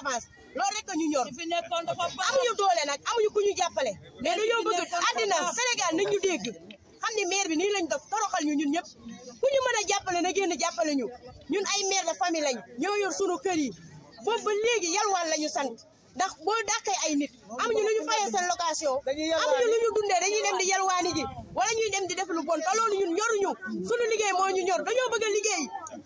avance loolu rek ñu ñor amuñu doole nag amuñu ku ñu jàppale mais dañoo bëgg àddina Sénégal nañ ñu dégg xam ne maire bi nii lañ def toroxal ñu ñun ñëpp ku ñu mën a jàppale na génn jàppale ñu ñun ay maire de famille lañ ñoo yor sunu kër yi boobu ba léegi yalwaan la ñu sant ndax boo dàqee ay nit amuñu lu ñu fayee seen location amuñu lu ñu dundee dañuy dem di yalwaani ji wala ñuy dem di def lu bon te loolu ñun ñoruñu sunu liggéey moo ñu ñor dañoo bëgg a liggéey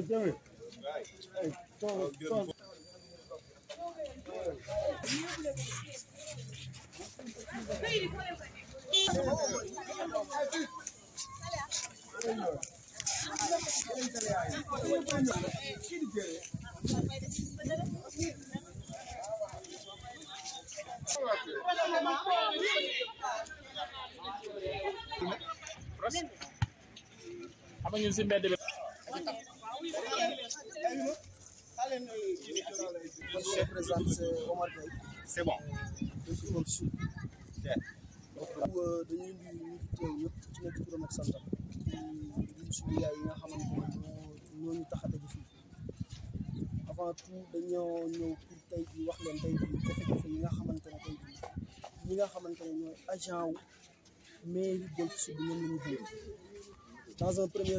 Hey, Jimmy. Hey, Apa yang sih Je présente Omar Gueye. C'est bon. dëkk Oum Soum. donc dañuy nuyu ci nekk turam ak santam. di suñu yaay yi nga xamante ne ñoo ñu tax a def fii avant tout dañoo ñëw pour tey jii wax leen tey jii jafe-jafe yi nga xamante ne tey jii ñi nga xamante ne ñooy agent wu mairie Golf Sud ñoom la ñu dans un premier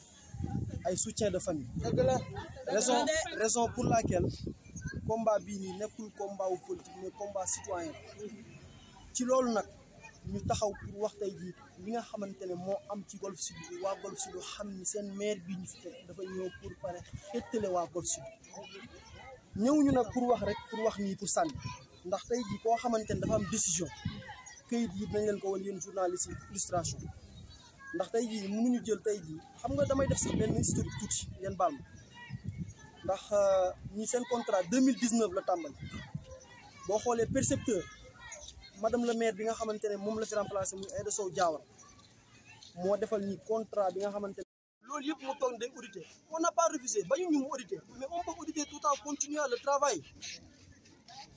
ay soutien de famille. dëgg la raison raison pour laquelle combat bii nii nekkul combat wu politique mais combat citoyen ci loolu nag ñu taxaw pour wax tey jii li nga xamante ne moo am ci golf sud bi waa golf sud xam ni seen maire bi ñu fi teg dafa ñëw pour pare xettale waa golf sud ñëw ñu nag pour wax rek pour wax nii pour sànni ndax tey jii koo xamante ne dafa am décision kayit yi dinañ leen ko wan yéen journaliste illustration ndax tey jii nu ñu jël tey jii xam nga damay def si benn historique tuuti ngeen baal ma ndax euh, ñi seen contrat mille 2019 la tàmbali boo xoolee percepteur madame le maire bi nga xamante ne moom la si remplacé mu Aïda Sow Diawara moo defal ñi contrat bi nga xamante ne loolu yëpp mu toog day audité on n'a pas refusé bañu ñu mu audité mais on peut auditer tout en continuant la travail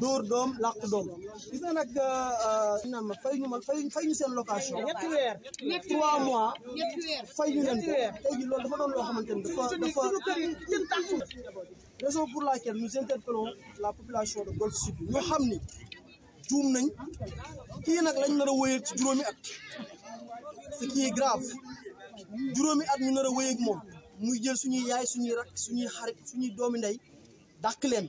dóor doom làq doom gis nga nag euh, euh, naan ma fay ñu ma fay ñu seen location ñetti weer trois mois fay ñu leen ko tey ji loolu dafa doon loo xamante ni dafa dafa raison pour laquelle nous interpellons la population de Golf Sud ñu xam ni juum nañ kii nag lañ nar a wëyal ci juróomi at ce qui est grave juróomi at ñu nar a wëy moom muy jël suñuy yaay suñuy rak suñuy xarit suñuy doomi ndey dàq leen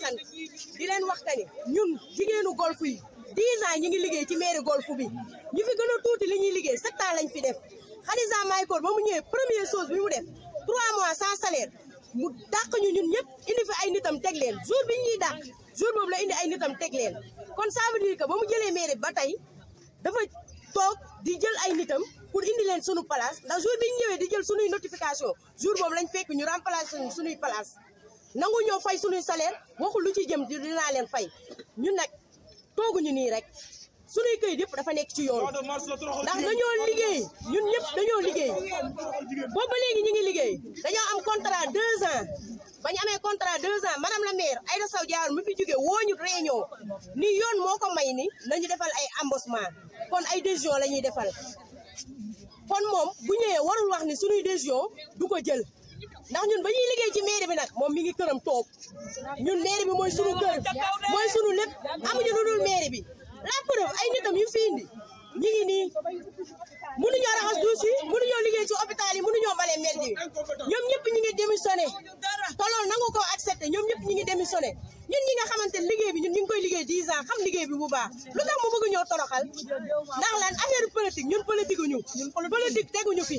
sant di leen wax que ni ñun jigéenu golf yi dix ans ñi ngi liggéey ci mairie golf bi ñu fi gën a tuuti li ñuy liggéey sept ans lañ fi def Khadija Mahécor ba mu ñëwee premier chose bi mu def trois mois sans salaire mu dàq ñu ñun ñëpp indi fi ay nitam teg leen jour bi ñuy dàq jour boobu la indi ay nitam teg leen kon ça veut dire que ba mu jëlee mairie ba tey dafa toog di jël ay nitam pour indi leen sunu place ndax jour bi ñu ñëwee di jël sunuy notification jour boobu lañ fekk ñu remplacer suñuy place nangu ñëw fay suñuy salaire waxul lu ci jëm dinaa leen fay ñun nag tooguñu nii rek suñuy këyit yëpp dafa nekk ci yoon ndax dañoo liggéey ñun ñëpp dañoo liggéey boobu ba léegi ñu ngi liggéey dañoo am contrat deux ans ba ñu amee contrat deux ans madame la maire ay Sow Diawara mu fi jógee woo ñu réunion ni yoon moo ko may ni nañu defal ay embauchement kon ay décision la lañuy defal kon moom bu ñëwee warul wax ni suñuy décision du ko jël ndax ñun ba ñuy ci mairie bi nag moom mi ngi këram toog ñun mairie bi mooy sunu kër mooy sunu lépp amuñu lu dul mairie bi la preuve ay nitam yu fi indi ñi ngi nii mënuñoo raxas duus yi mënuñoo liggéey ci hôpital yi mënuñoo bale mbedd yi ñoom ñëpp ñi ngi démissionné te loolu nangu koo accepté ñoom ñëpp ñi ngi démissionné ñun ñi nga xamante liggéey bi ñun ñu ngi koy liggéey 10 ans xam liggéey bi bu baax lu tax mu bëgg ñoo toroxal ndax lan affaire politique ñun politique ñu politique teguñu fi